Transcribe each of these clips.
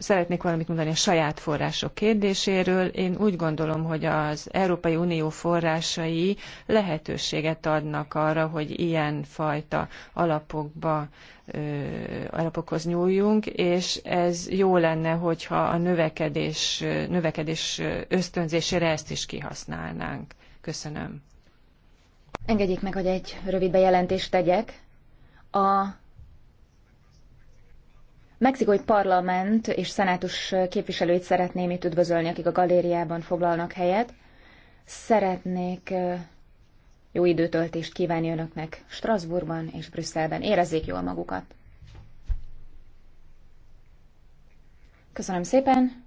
szeretnék valamit mondani a saját források kérdéséről. Én úgy gondolom, hogy az Európai Unió forrásai lehetőséget adnak arra, hogy ilyen fajta alapokba, alapokhoz nyúljunk, és ez jó lenne, hogyha a növekedés, növekedés ösztönzésére ezt is kihasználnánk. Köszönöm. Engedjék meg, hogy egy rövid bejelentést tegyek. A mexikói parlament és szenátus képviselőit szeretném itt üdvözölni, akik a galériában foglalnak helyet. Szeretnék jó időtöltést kívánni önöknek Strasbourgban és Brüsszelben. Érezzék jól magukat. Köszönöm szépen,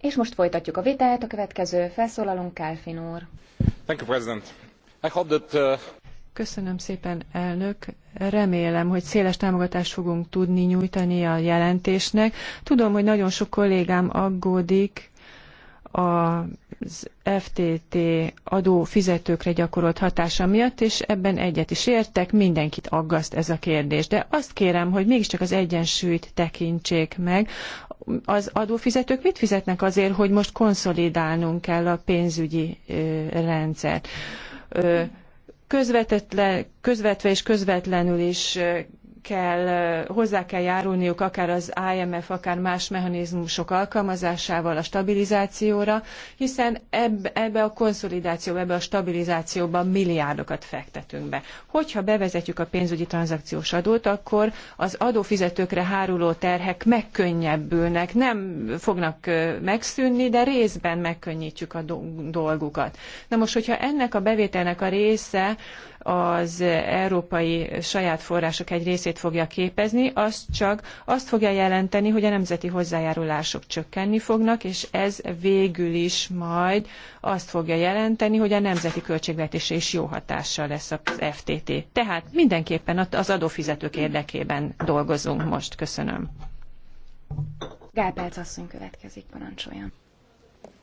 és most folytatjuk a vitát. A következő felszólalunk Kálfin úr. Thank you, President. I hope that, uh... Köszönöm szépen, elnök. Remélem, hogy széles támogatást fogunk tudni nyújtani a jelentésnek. Tudom, hogy nagyon sok kollégám aggódik az FTT adó fizetőkre gyakorolt hatása miatt, és ebben egyet is értek, mindenkit aggaszt ez a kérdés. De azt kérem, hogy mégiscsak az egyensúlyt tekintsék meg. Az adófizetők mit fizetnek azért, hogy most konszolidálnunk kell a pénzügyi rendszert? közvetve és közvetlenül is kell, hozzá kell járulniuk akár az IMF, akár más mechanizmusok alkalmazásával a stabilizációra, hiszen eb, ebbe a konszolidációba, ebbe a stabilizációba milliárdokat fektetünk be. Hogyha bevezetjük a pénzügyi tranzakciós adót, akkor az adófizetőkre háruló terhek megkönnyebbülnek, nem fognak megszűnni, de részben megkönnyítjük a dolgukat. Na most, hogyha ennek a bevételnek a része az európai saját források egy részét fogja képezni, az csak azt fogja jelenteni, hogy a nemzeti hozzájárulások csökkenni fognak, és ez végül is majd azt fogja jelenteni, hogy a nemzeti költségvetése is jó hatással lesz az FTT. Tehát mindenképpen az adófizetők érdekében dolgozunk most. Köszönöm. Gál asszony következik, parancsoljon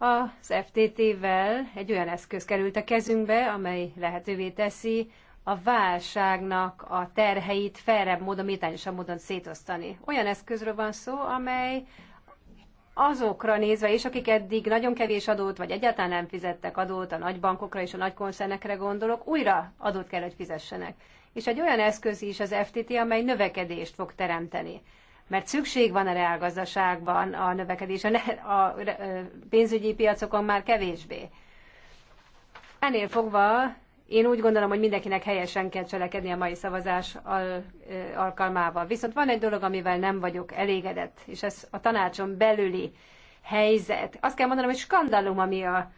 Az FTT-vel egy olyan eszköz került a kezünkbe, amely lehetővé teszi a válságnak a terheit felrebb módon, méltányosabb módon szétosztani. Olyan eszközről van szó, amely azokra nézve is, akik eddig nagyon kevés adót, vagy egyáltalán nem fizettek adót, a nagybankokra és a nagykoncernekre gondolok, újra adót kell, hogy fizessenek. És egy olyan eszköz is az FTT, amely növekedést fog teremteni mert szükség van a reálgazdaságban a a, a pénzügyi piacokon már kevésbé. Ennél fogva én úgy gondolom, hogy mindenkinek helyesen kell cselekedni a mai szavazás al- alkalmával. Viszont van egy dolog, amivel nem vagyok elégedett, és ez a tanácson belüli helyzet. Azt kell mondanom, hogy skandalum, ami a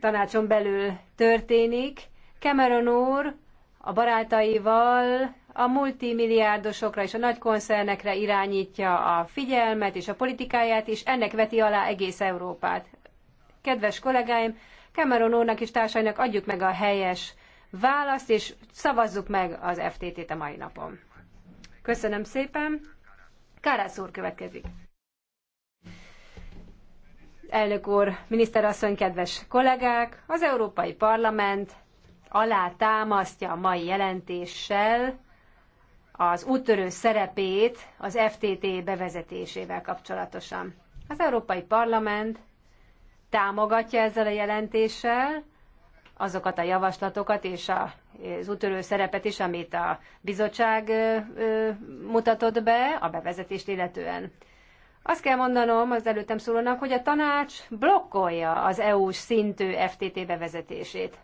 tanácson belül történik. Cameron úr a barátaival a multimilliárdosokra és a nagy koncernekre irányítja a figyelmet és a politikáját, és ennek veti alá egész Európát. Kedves kollégáim, Cameron úrnak és társainak adjuk meg a helyes választ, és szavazzuk meg az FTT-t a mai napon. Köszönöm szépen. Kárász úr következik. Elnök úr, miniszterasszony, kedves kollégák! Az Európai Parlament alá támasztja a mai jelentéssel az úttörő szerepét az FTT bevezetésével kapcsolatosan. Az Európai Parlament támogatja ezzel a jelentéssel azokat a javaslatokat és az úttörő szerepet is, amit a bizottság mutatott be a bevezetést illetően. Azt kell mondanom az előttem szólónak, hogy a tanács blokkolja az EU-s szintű FTT bevezetését.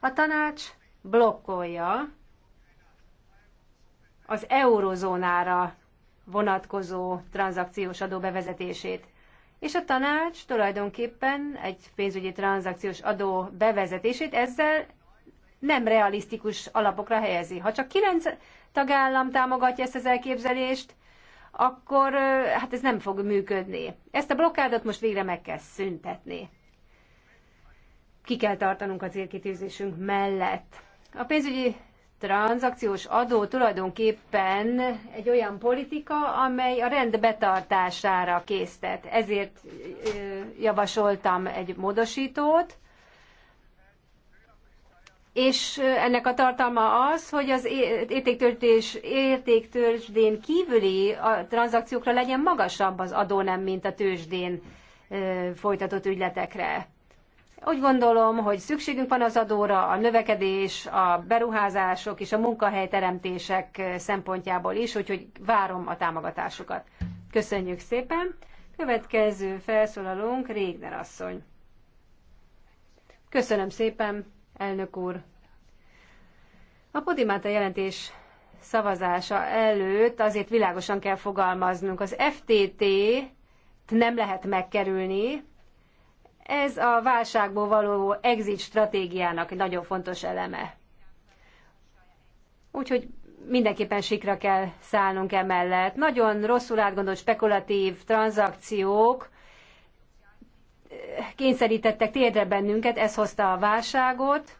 A tanács blokkolja az eurozónára vonatkozó tranzakciós adó bevezetését. És a tanács tulajdonképpen egy pénzügyi tranzakciós adó bevezetését ezzel nem realisztikus alapokra helyezi. Ha csak kilenc tagállam támogatja ezt az elképzelést, akkor hát ez nem fog működni. Ezt a blokkádot most végre meg kell szüntetni. Ki kell tartanunk a célkitűzésünk mellett. A pénzügyi tranzakciós adó tulajdonképpen egy olyan politika, amely a rend betartására késztet. Ezért javasoltam egy módosítót, és ennek a tartalma az, hogy az értéktörtés, értéktörtésdén kívüli a tranzakciókra legyen magasabb az adó nem mint a tőzsdén folytatott ügyletekre. Úgy gondolom, hogy szükségünk van az adóra, a növekedés, a beruházások és a munkahelyteremtések szempontjából is, úgyhogy várom a támogatásukat. Köszönjük szépen! Következő felszólalónk Régner asszony. Köszönöm szépen, elnök úr! A Podimáta jelentés szavazása előtt azért világosan kell fogalmaznunk. Az FTT t nem lehet megkerülni, ez a válságból való exit stratégiának egy nagyon fontos eleme. Úgyhogy mindenképpen sikra kell szállnunk emellett. Nagyon rosszul átgondolt spekulatív tranzakciók eh, kényszerítettek térdre bennünket, ez hozta a válságot,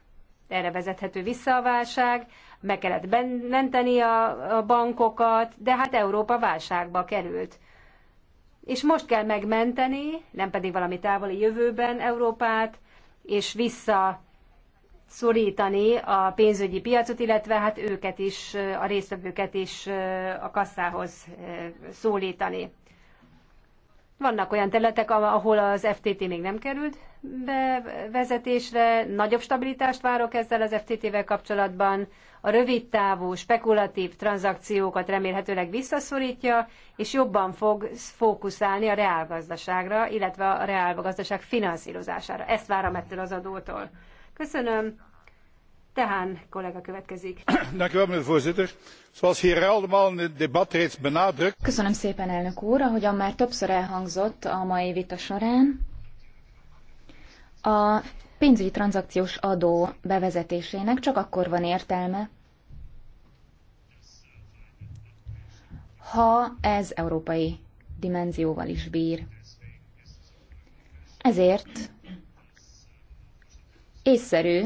erre vezethető vissza a válság, meg kellett menteni a, a bankokat, de hát Európa válságba került és most kell megmenteni, nem pedig valami távoli jövőben Európát, és vissza szorítani a pénzügyi piacot, illetve hát őket is, a résztvevőket is a kasszához szólítani. Vannak olyan területek, ahol az FTT még nem került bevezetésre, nagyobb stabilitást várok ezzel az FTT-vel kapcsolatban, a rövid távú, spekulatív tranzakciókat remélhetőleg visszaszorítja, és jobban fog fókuszálni a reálgazdaságra, illetve a reálgazdaság finanszírozására. Ezt várom ettől az adótól. Köszönöm. Tehán kollega következik. Köszönöm szépen, elnök úr, ahogyan már többször elhangzott a mai vita során. A pénzügyi tranzakciós adó bevezetésének csak akkor van értelme, ha ez európai dimenzióval is bír. Ezért észszerű,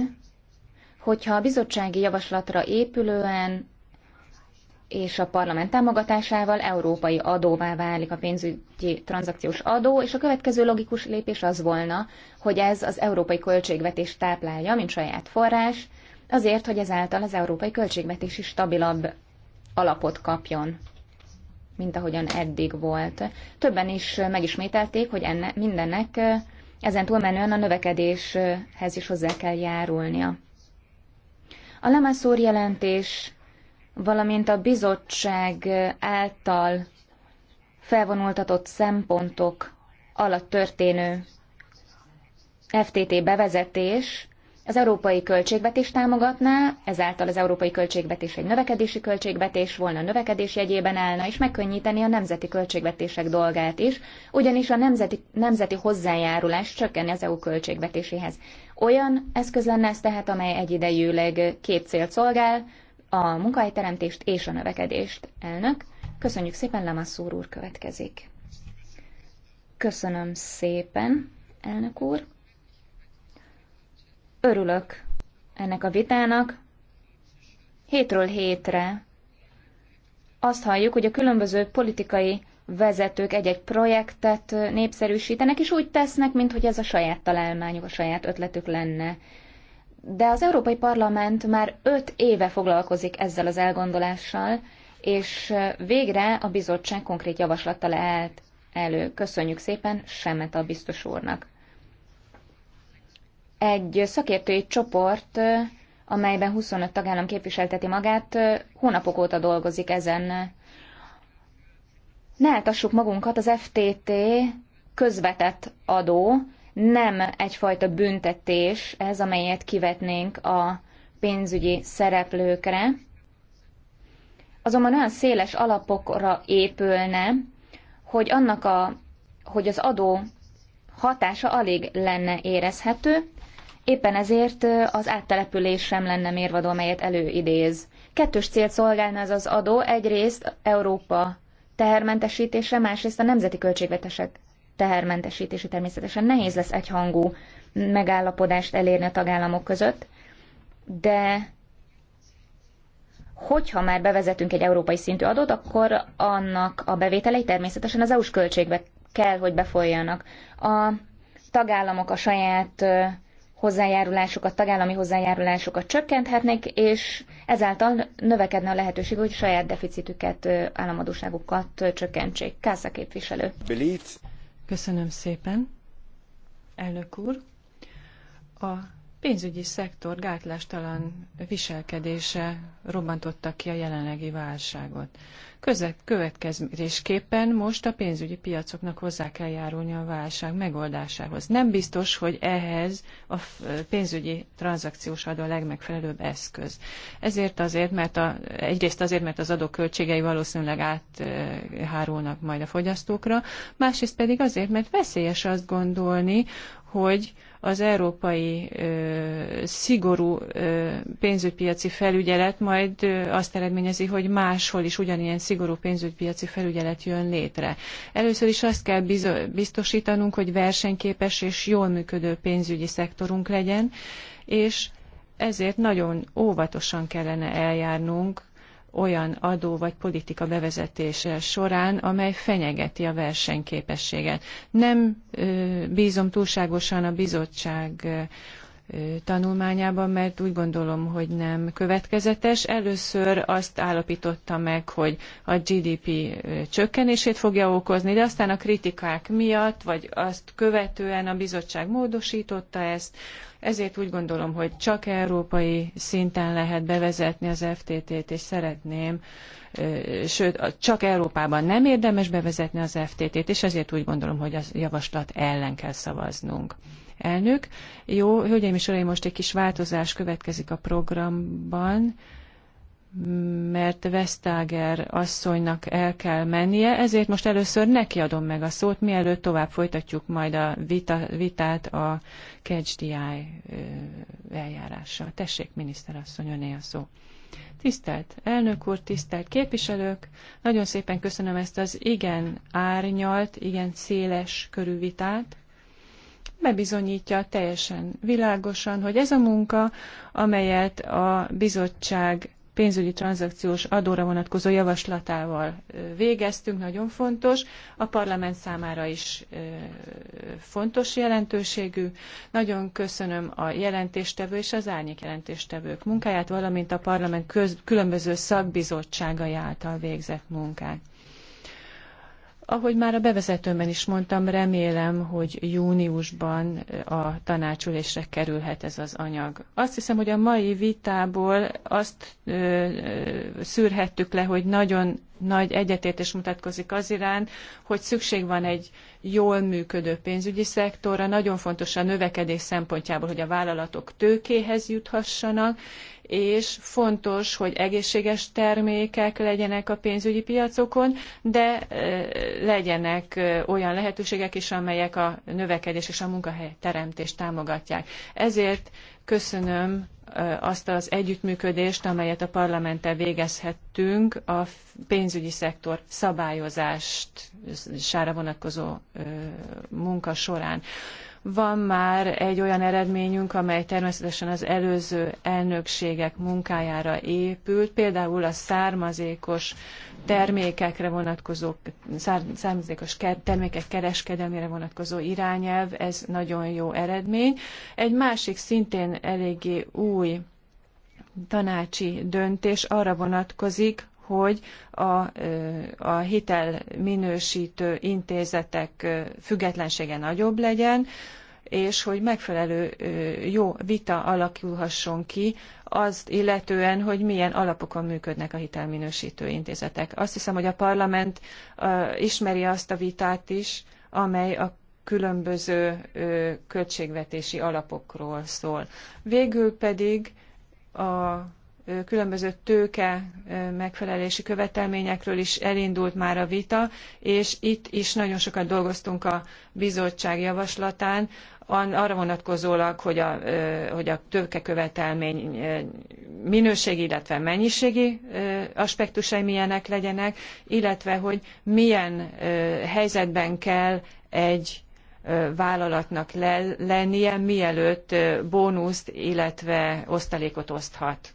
hogyha a bizottsági javaslatra épülően és a parlament támogatásával európai adóvá válik a pénzügyi tranzakciós adó, és a következő logikus lépés az volna, hogy ez az európai költségvetés táplálja, mint saját forrás, azért, hogy ezáltal az európai költségvetés is stabilabb alapot kapjon, mint ahogyan eddig volt. Többen is megismételték, hogy enne, mindennek ezen túlmenően a növekedéshez is hozzá kell járulnia. A Lemaszúr jelentés valamint a bizottság által felvonultatott szempontok alatt történő FTT bevezetés az európai költségvetés támogatná, ezáltal az európai költségvetés egy növekedési költségvetés volna, növekedés jegyében állna, és megkönnyíteni a nemzeti költségvetések dolgát is, ugyanis a nemzeti, nemzeti hozzájárulás csökkenne az EU költségvetéséhez. Olyan eszköz lenne ez tehát, amely egyidejűleg két célt szolgál, a munkahelyteremtést és a növekedést. Elnök, köszönjük szépen, Lemasszúr úr következik. Köszönöm szépen, elnök úr. Örülök ennek a vitának. Hétről hétre azt halljuk, hogy a különböző politikai vezetők egy-egy projektet népszerűsítenek, és úgy tesznek, mintha ez a saját találmányuk, a saját ötletük lenne. De az Európai Parlament már öt éve foglalkozik ezzel az elgondolással, és végre a bizottság konkrét javaslattal állt elő. Köszönjük szépen Semet a biztos úrnak. Egy szakértői csoport, amelyben 25 tagállam képviselteti magát, hónapok óta dolgozik ezen. Ne eltassuk magunkat, az FTT közvetett adó, nem egyfajta büntetés ez, amelyet kivetnénk a pénzügyi szereplőkre, azonban olyan széles alapokra épülne, hogy annak a, hogy az adó hatása alig lenne érezhető, éppen ezért az áttelepülés sem lenne mérvadó, amelyet előidéz. Kettős célt szolgálna ez az adó, egyrészt Európa tehermentesítése, másrészt a nemzeti költségvetések tehermentesítési természetesen nehéz lesz egyhangú megállapodást elérni a tagállamok között, de hogyha már bevezetünk egy európai szintű adót, akkor annak a bevételei természetesen az EU-s költségbe kell, hogy befolyjanak. A tagállamok a saját hozzájárulásukat, tagállami hozzájárulásukat csökkenthetnék, és ezáltal növekedne a lehetőség, hogy saját deficitüket, államadóságukat csökkentsék. Kásza képviselő. Köszönöm szépen, elnök úr. A pénzügyi szektor gátlástalan viselkedése robbantotta ki a jelenlegi válságot következésképpen most a pénzügyi piacoknak hozzá kell járulni a válság megoldásához. Nem biztos, hogy ehhez a pénzügyi tranzakciós adó a legmegfelelőbb eszköz. Ezért azért, mert a, egyrészt azért, mert az adók költségei valószínűleg áthárulnak majd a fogyasztókra, másrészt pedig azért, mert veszélyes azt gondolni, hogy az európai ö, szigorú ö, pénzügypiaci felügyelet majd ö, azt eredményezi, hogy máshol is ugyanilyen szigorú pénzügypiaci felügyelet jön létre. Először is azt kell biztosítanunk, hogy versenyképes és jól működő pénzügyi szektorunk legyen, és ezért nagyon óvatosan kellene eljárnunk olyan adó vagy politika bevezetése során, amely fenyegeti a versenyképességet. Nem ö, bízom túlságosan a bizottság ö, tanulmányában, mert úgy gondolom, hogy nem következetes. Először azt állapította meg, hogy a GDP csökkenését fogja okozni, de aztán a kritikák miatt, vagy azt követően a bizottság módosította ezt, ezért úgy gondolom, hogy csak európai szinten lehet bevezetni az FTT-t, és szeretném, sőt, csak Európában nem érdemes bevezetni az FTT-t, és ezért úgy gondolom, hogy a javaslat ellen kell szavaznunk. Elnök, jó, hölgyeim és uraim, most egy kis változás következik a programban, mert Vesztáger asszonynak el kell mennie, ezért most először neki adom meg a szót, mielőtt tovább folytatjuk majd a vita, vitát a KDI eljárással. Tessék, miniszter asszony, öné a szó. Tisztelt elnök úr, tisztelt képviselők, nagyon szépen köszönöm ezt az igen árnyalt, igen széles körű vitát bebizonyítja teljesen világosan, hogy ez a munka, amelyet a bizottság pénzügyi tranzakciós adóra vonatkozó javaslatával végeztünk, nagyon fontos, a parlament számára is fontos jelentőségű. Nagyon köszönöm a jelentéstevő és az árnyék jelentéstevők munkáját, valamint a parlament köz, különböző szakbizottságai által végzett munkát. Ahogy már a bevezetőmben is mondtam, remélem, hogy júniusban eh, a tanácsülésre kerülhet ez az anyag. Azt hiszem, hogy a mai vitából azt ö, eh, eh, szűrhettük le, hogy nagyon nagy egyetértés mutatkozik az iránt, hogy szükség van egy jól működő pénzügyi szektorra, nagyon fontos a növekedés szempontjából, hogy a vállalatok tőkéhez juthassanak, és fontos, hogy egészséges termékek legyenek a pénzügyi piacokon, de e, legyenek e, olyan lehetőségek is, amelyek a növekedés és a munkahely teremtést támogatják. Ezért köszönöm azt az együttműködést, amelyet a parlamenttel végezhettünk a pénzügyi szektor szabályozására vonatkozó munka során. Van már egy olyan eredményünk, amely természetesen az előző elnökségek munkájára épült, például a származékos termékekre vonatkozó, származékos termékek kereskedelmére vonatkozó irányelv, ez nagyon jó eredmény. Egy másik szintén eléggé új tanácsi döntés arra vonatkozik, hogy a, a hitelminősítő intézetek függetlensége nagyobb legyen, és hogy megfelelő jó vita alakulhasson ki azt illetően, hogy milyen alapokon működnek a hitelminősítő intézetek. Azt hiszem, hogy a parlament ismeri azt a vitát is, amely a különböző költségvetési alapokról szól. Végül pedig a különböző tőke megfelelési követelményekről is elindult már a vita, és itt is nagyon sokat dolgoztunk a bizottság javaslatán, arra vonatkozólag, hogy a, hogy a tőkekövetelmény minőségi, illetve mennyiségi aspektusai milyenek legyenek, illetve hogy milyen helyzetben kell egy vállalatnak lennie, mielőtt bónuszt, illetve osztalékot oszthat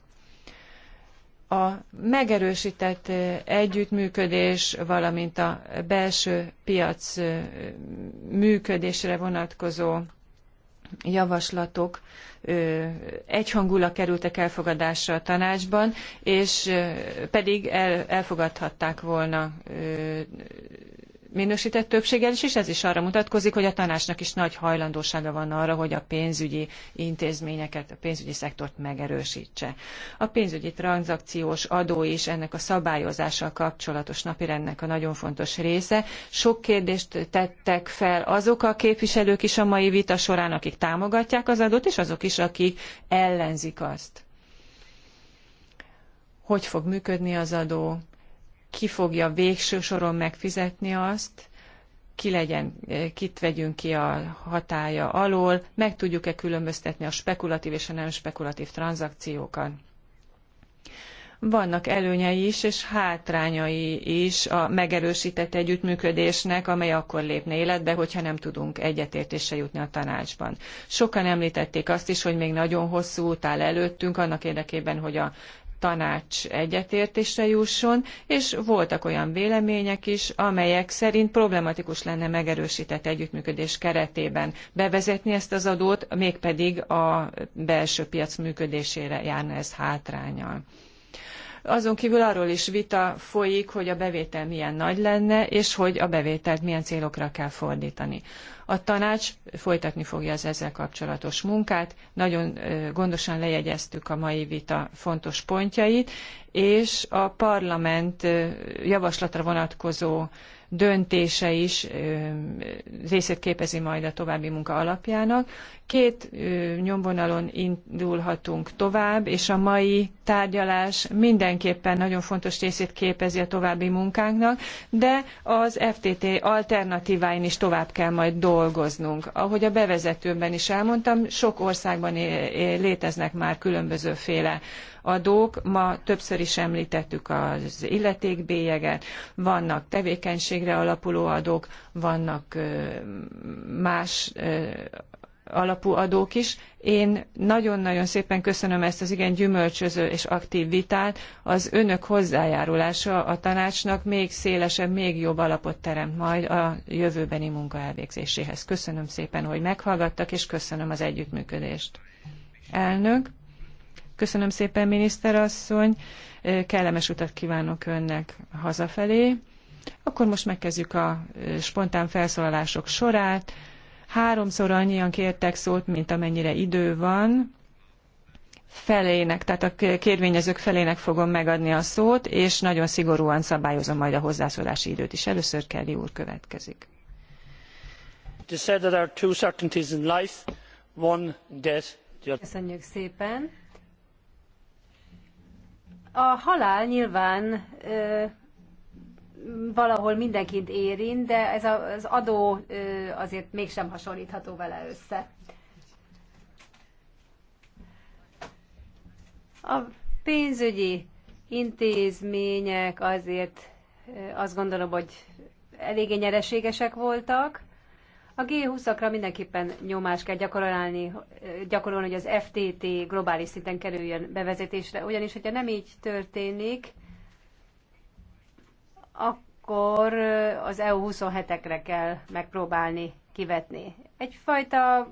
a megerősített együttműködés, valamint a belső piac működésre vonatkozó javaslatok egyhangúlag kerültek elfogadásra a tanácsban, és pedig el, elfogadhatták volna minősített többséggel is, és ez is arra mutatkozik, hogy a tanácsnak is nagy hajlandósága van arra, hogy a pénzügyi intézményeket, a pénzügyi szektort megerősítse. A pénzügyi tranzakciós adó is ennek a szabályozással kapcsolatos napirendnek a nagyon fontos része. Sok kérdést tettek fel azok a képviselők is a mai vita során, akik támogatják az adót, és azok is, akik ellenzik azt. Hogy fog működni az adó? ki fogja végső soron megfizetni azt, ki legyen, eh, kit vegyünk ki a hatája alól, meg tudjuk-e különböztetni a spekulatív és a nem spekulatív tranzakciókat. Vannak előnyei is, és hátrányai is a megerősített együttműködésnek, amely akkor lépne életbe, hogyha nem tudunk egyetértésre jutni a tanácsban. Sokan említették azt is, hogy még nagyon hosszú út áll előttünk annak érdekében, hogy a tanács egyetértésre jusson, és voltak olyan vélemények is, amelyek szerint problematikus lenne megerősített együttműködés keretében bevezetni ezt az adót, mégpedig a belső piac működésére járna ez hátrányal. Azon kívül arról is vita folyik, hogy a bevétel milyen nagy lenne, és hogy a bevételt milyen célokra kell fordítani. A tanács folytatni fogja az ezzel kapcsolatos munkát. Nagyon gondosan lejegyeztük a mai vita fontos pontjait, és a parlament javaslatra vonatkozó döntése is részét képezi majd a további munka alapjának. Két nyomvonalon indulhatunk tovább, és a mai tárgyalás mindenképpen nagyon fontos részét képezi a további munkánknak, de az FTT alternatíváin is tovább kell majd dolgozni dolgoznunk. Ahogy a bevezetőmben is elmondtam, sok országban léteznek már különbözőféle adók. Ma többször is említettük az illetékbélyeget, vannak tevékenységre alapuló adók, vannak más alapú adók is. Én nagyon-nagyon szépen köszönöm ezt az igen gyümölcsöző és aktív vitát. Az önök hozzájárulása a tanácsnak még szélesebb, még jobb alapot teremt majd a jövőbeni munka elvégzéséhez. Köszönöm szépen, hogy meghallgattak, és köszönöm az együttműködést. Elnök, köszönöm szépen, miniszterasszony, kellemes utat kívánok önnek hazafelé. Akkor most megkezdjük a spontán felszólalások sorát. Háromszor annyian kértek szót, mint amennyire idő van felének, tehát a kérvényezők felének fogom megadni a szót, és nagyon szigorúan szabályozom majd a hozzászólási időt is. Először Kelly úr következik. Köszönjük szépen. A halál nyilván valahol mindenkit érint, de ez az adó azért mégsem hasonlítható vele össze. A pénzügyi intézmények azért azt gondolom, hogy eléggé nyereségesek voltak. A G20-akra mindenképpen nyomást kell gyakorolni, gyakorolni, hogy az FTT globális szinten kerüljön bevezetésre, ugyanis hogyha nem így történik, akkor az EU27-ekre kell megpróbálni kivetni. Egyfajta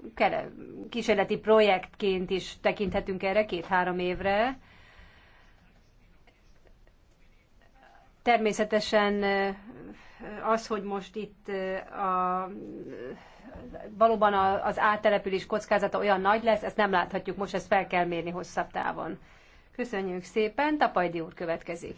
kísérleti projektként is tekinthetünk erre két-három évre. Természetesen az, hogy most itt a, valóban az áttelepülés kockázata olyan nagy lesz, ezt nem láthatjuk most, ezt fel kell mérni hosszabb távon. Köszönjük szépen, Tapajdi úr következik.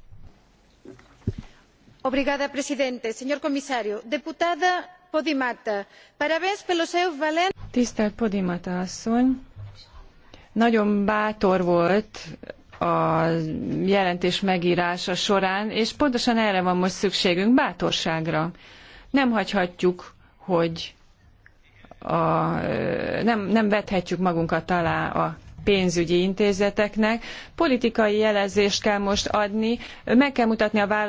señor presidente señor comisario deputada podimata parabéns pelo seu valente. tisztelt podimata asszony nagyon bátor volt a jelentés megrása során és pontosan erre van most szükségünk bátorságra. nem hagyhatjuk hogy a, nem, nem vethetjük magunkat alá a pénzügyi intézeteknek. Politikai jelezést kell most adni, meg kell mutatni a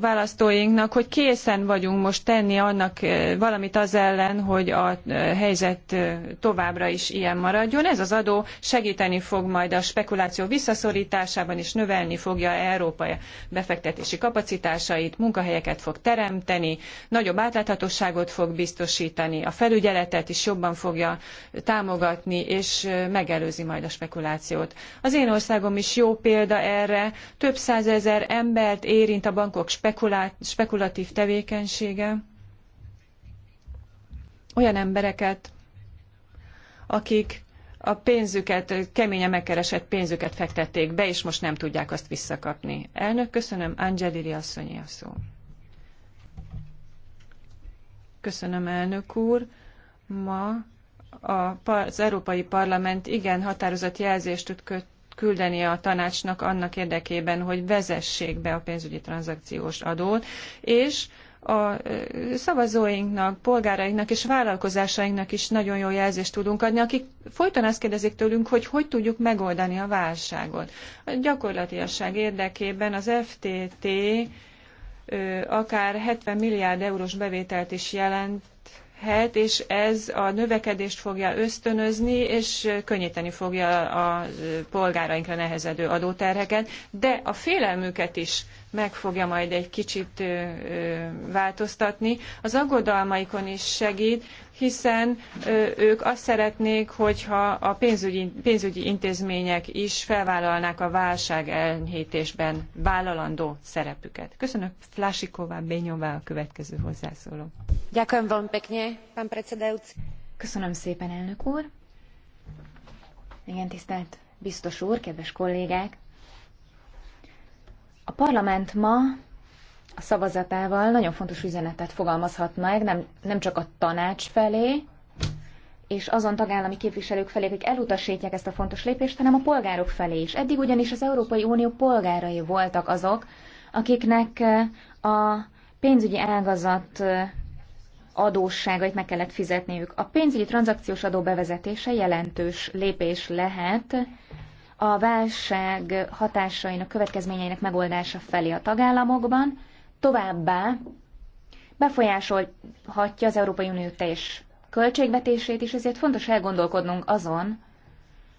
választóinknak, hogy készen vagyunk most tenni annak eh, valamit az ellen, hogy a eh, helyzet eh, továbbra is ilyen maradjon. Ez az adó segíteni fog majd a spekuláció visszaszorításában, és növelni fogja Európa befektetési kapacitásait, munkahelyeket fog teremteni, nagyobb átláthatóságot fog biztosítani, a felügyeletet is jobban fogja támogatni, és megelőzi majd a spekulációt. Az én országom is jó példa erre. Több százezer embert érint a bankok spekulá- spekulatív tevékenysége. Olyan embereket, akik a pénzüket, keményen megkeresett pénzüket fektették be, és most nem tudják azt visszakapni. Elnök, köszönöm. Angelili asszonyi a szó. Köszönöm, elnök úr. Ma az Európai Parlament igen határozott jelzést tud köt, küldeni a tanácsnak annak érdekében, hogy vezessék be a pénzügyi tranzakciós adót, és a szavazóinknak, polgárainknak és vállalkozásainknak is nagyon jó jelzést tudunk adni, akik folyton azt kérdezik tőlünk, hogy hogy tudjuk megoldani a válságot. A gyakorlatilasság érdekében az FTT akár 70 milliárd eurós bevételt is jelent növekedhet, és ez a növekedést fogja ösztönözni, és könnyíteni fogja a polgárainkra nehezedő adóterheket, de a félelmüket is meg fogja majd egy kicsit változtatni. Az aggodalmaikon is segít, hiszen ők azt szeretnék, hogyha a pénzügyi, pénzügyi intézmények is felvállalnák a válság elnyhítésben vállalandó szerepüket. Köszönöm Flasiková Bényová a következő hozzászóló. Köszönöm szépen, elnök úr. Igen, tisztelt biztos úr, kedves kollégák! A parlament ma a szavazatával nagyon fontos üzenetet fogalmazhat meg, nem, nem csak a tanács felé, és azon tagállami képviselők felé, akik elutasítják ezt a fontos lépést, hanem a polgárok felé is. Eddig ugyanis az Európai Unió polgárai voltak azok, akiknek eh, a pénzügyi ágazat eh, adósságait meg kellett fizetniük. A pénzügyi tranzakciós adó bevezetése jelentős lépés lehet a válság hatásainak, következményeinek megoldása felé a tagállamokban, továbbá befolyásolhatja az Európai Unió teljes költségvetését is, ezért fontos elgondolkodnunk azon,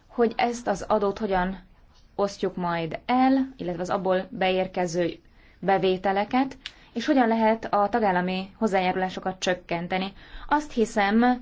hogy ezt az adót hogyan osztjuk majd el, illetve az abból beérkező bevételeket, és hogyan lehet a tagállami hozzájárulásokat csökkenteni. Azt hiszem,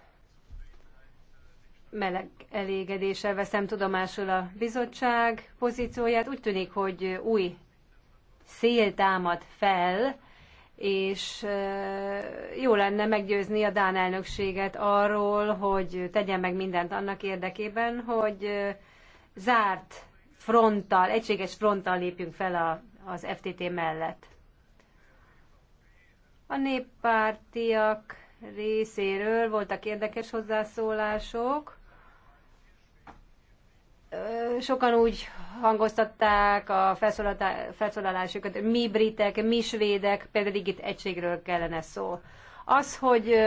meleg elégedéssel veszem tudomásul a bizottság pozícióját. Úgy tűnik, hogy új szél támad fel, és jó lenne meggyőzni a Dán elnökséget arról, hogy tegyen meg mindent annak érdekében, hogy zárt fronttal, egységes fronttal lépjünk fel a, az FTT mellett. A néppártiak részéről voltak érdekes hozzászólások sokan úgy hangoztatták a felszólalásukat, mi britek, mi svédek, pedig itt egységről kellene szó. Az, hogy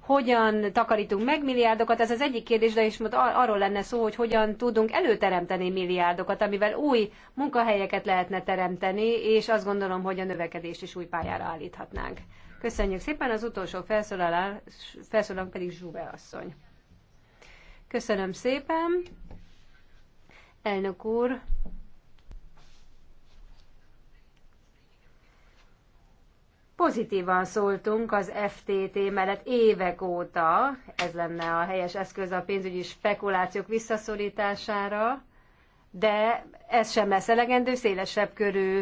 hogyan takarítunk meg milliárdokat, ez az egyik kérdés, de is most arról lenne szó, hogy hogyan tudunk előteremteni milliárdokat, amivel új munkahelyeket lehetne teremteni, és azt gondolom, hogy a növekedést is új pályára állíthatnánk. Köszönjük szépen, az utolsó felszólalás, felszólalunk pedig Zsúve asszony. Köszönöm szépen. Elnök úr, pozitívan szóltunk az FTT mellett évek óta, ez lenne a helyes eszköz a pénzügyi spekulációk visszaszorítására, de ez sem lesz elegendő, szélesebb körű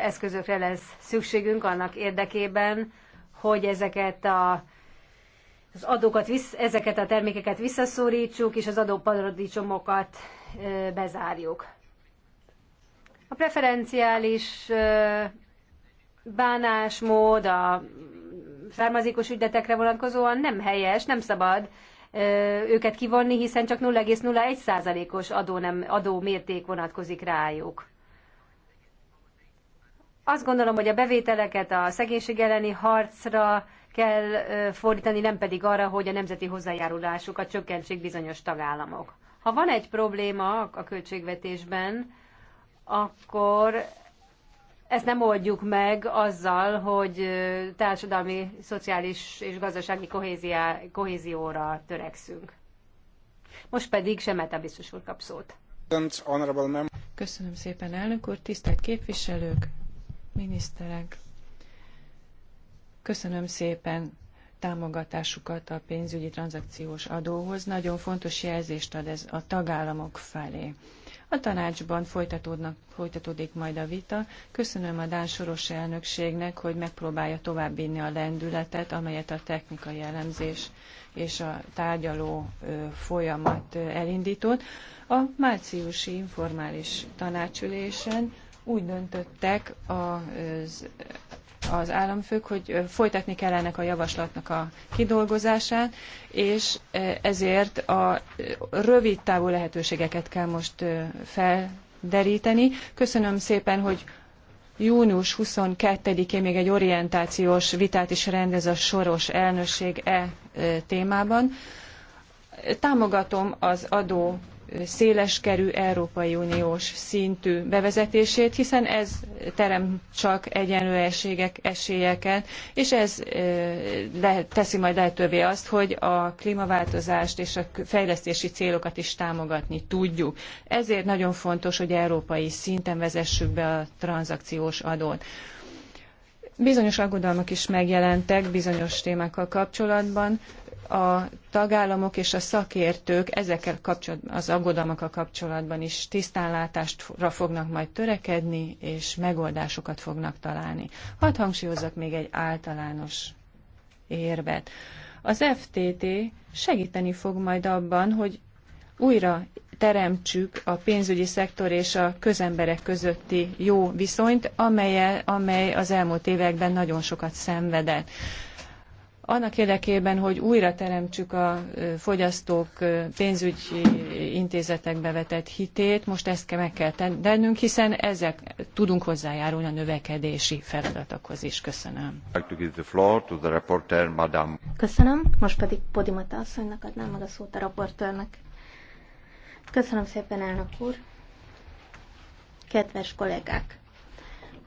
eszközökre lesz szükségünk annak érdekében, hogy ezeket a az adókat, ezeket a termékeket visszaszorítsuk, és az adóparadicsomokat bezárjuk. A preferenciális bánásmód a származékos ügyletekre vonatkozóan nem helyes, nem szabad őket kivonni, hiszen csak 0,01%-os adó, nem, adó mérték vonatkozik rájuk. Azt gondolom, hogy a bevételeket a szegénység elleni harcra kell fordítani, nem pedig arra, hogy a nemzeti hozzájárulásukat csökkentsék bizonyos tagállamok. Ha van egy probléma a költségvetésben, akkor ezt nem oldjuk meg azzal, hogy társadalmi, szociális és gazdasági kohéziá, kohézióra törekszünk. Most pedig Semeta biztos úr kap szót. Köszönöm szépen, elnök úr, tisztelt képviselők, miniszterek. Köszönöm szépen támogatásukat a pénzügyi tranzakciós adóhoz. Nagyon fontos jelzést ad ez a tagállamok felé. A tanácsban folytatódnak, folytatódik majd a vita. Köszönöm a Dán Soros elnökségnek, hogy megpróbálja továbbvinni a lendületet, amelyet a technikai elemzés és a tárgyaló folyamat elindított. A márciusi informális tanácsülésen úgy döntöttek az az államfők, hogy folytatni kell ennek a javaslatnak a kidolgozását, és ezért a rövid távú lehetőségeket kell most felderíteni. Köszönöm szépen, hogy június 22-én még egy orientációs vitát is rendez a soros elnökség e témában. Támogatom az adó széleskerű Európai Uniós szintű bevezetését, hiszen ez terem csak egyenlő esélyeket, és ez lehet, teszi majd lehetővé azt, hogy a klímaváltozást és a fejlesztési célokat is támogatni tudjuk. Ezért nagyon fontos, hogy európai szinten vezessük be a tranzakciós adót. Bizonyos aggodalmak is megjelentek bizonyos témákkal kapcsolatban, a tagállamok és a szakértők ezekkel kapcsolatban, az aggodalmakkal kapcsolatban is tisztánlátásra fognak majd törekedni, és megoldásokat fognak találni. Hadd hangsúlyozok még egy általános érvet. Az FTT segíteni fog majd abban, hogy újra teremtsük a pénzügyi szektor és a közemberek közötti jó viszonyt, amely, amely az elmúlt években nagyon sokat szenvedett annak érdekében, hogy újra teremtsük a fogyasztók pénzügyi intézetekbe vetett hitét, most ezt meg kell tennünk, hiszen ezek tudunk hozzájárulni a növekedési feladatokhoz is. Köszönöm. Reporter, Köszönöm, most pedig Podimata asszonynak adnám meg a szót a raportőrnek. Köszönöm szépen, elnök úr. Kedves kollégák,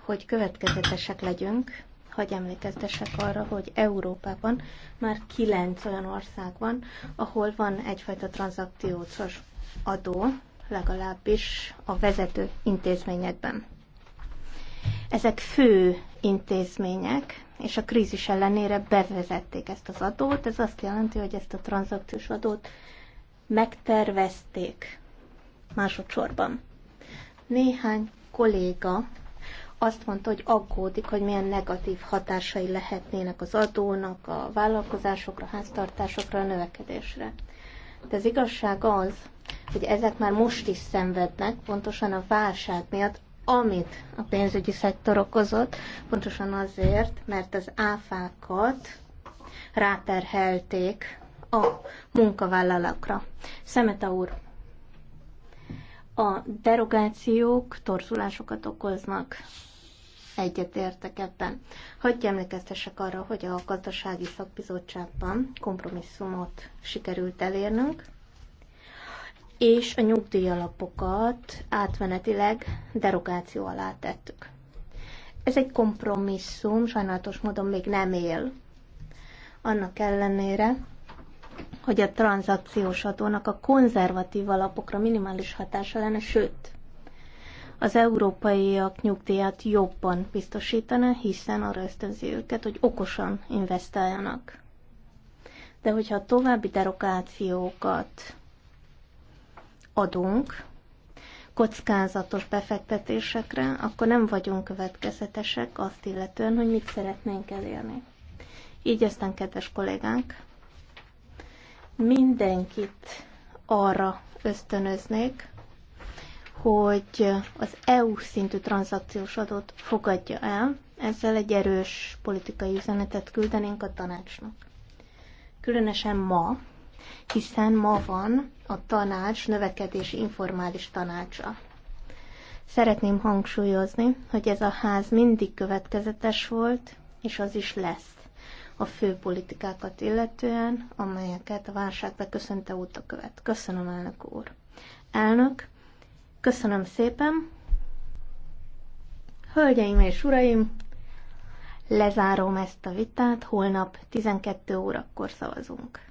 hogy következetesek legyünk, hagy emlékeztessek arra, hogy Európában már kilenc olyan ország van, ahol van egyfajta tranzakciós adó, legalábbis a vezető intézményekben. Ezek fő intézmények, és a krízis ellenére bevezették ezt az adót. Ez azt jelenti, hogy ezt a tranzakciós adót megtervezték másodszorban. Néhány kolléga azt mondta, hogy aggódik, hogy milyen negatív hatásai lehetnének az adónak, a vállalkozásokra, háztartásokra, a növekedésre. De az igazság az, hogy ezek már most is szenvednek, pontosan a válság miatt, amit a pénzügyi szektor okozott, pontosan azért, mert az áfákat ráterhelték a munkavállalókra. Szemeta úr, a derogációk torzulásokat okoznak egyetértek ebben. Hagyj emlékeztessek arra, hogy a gazdasági szakbizottságban kompromisszumot sikerült elérnünk, és a nyugdíjalapokat átmenetileg derogáció alá tettük. Ez egy kompromisszum, sajnálatos módon még nem él. Annak ellenére, hogy a tranzakciós adónak a konzervatív alapokra minimális hatása lenne, sőt, az európaiak nyugdíját jobban biztosítana, hiszen arra ösztönzi őket, hogy okosan investáljanak. De hogyha további derogációkat adunk kockázatos befektetésekre, akkor nem vagyunk következetesek azt illetően, hogy mit szeretnénk elérni. Így aztán, kedves kollégánk, mindenkit arra ösztönöznék, hogy az EU szintű tranzakciós adót fogadja el, ezzel egy erős politikai üzenetet küldenénk a tanácsnak. Különösen ma, hiszen ma van a tanács növekedési informális tanácsa. Szeretném hangsúlyozni, hogy ez a ház mindig következetes volt, és az is lesz a fő politikákat illetően, amelyeket a válságbe köszönte óta követ. Köszönöm, elnök úr. Elnök, Köszönöm szépen. Hölgyeim és uraim, lezárom ezt a vitát, holnap 12 órakor szavazunk.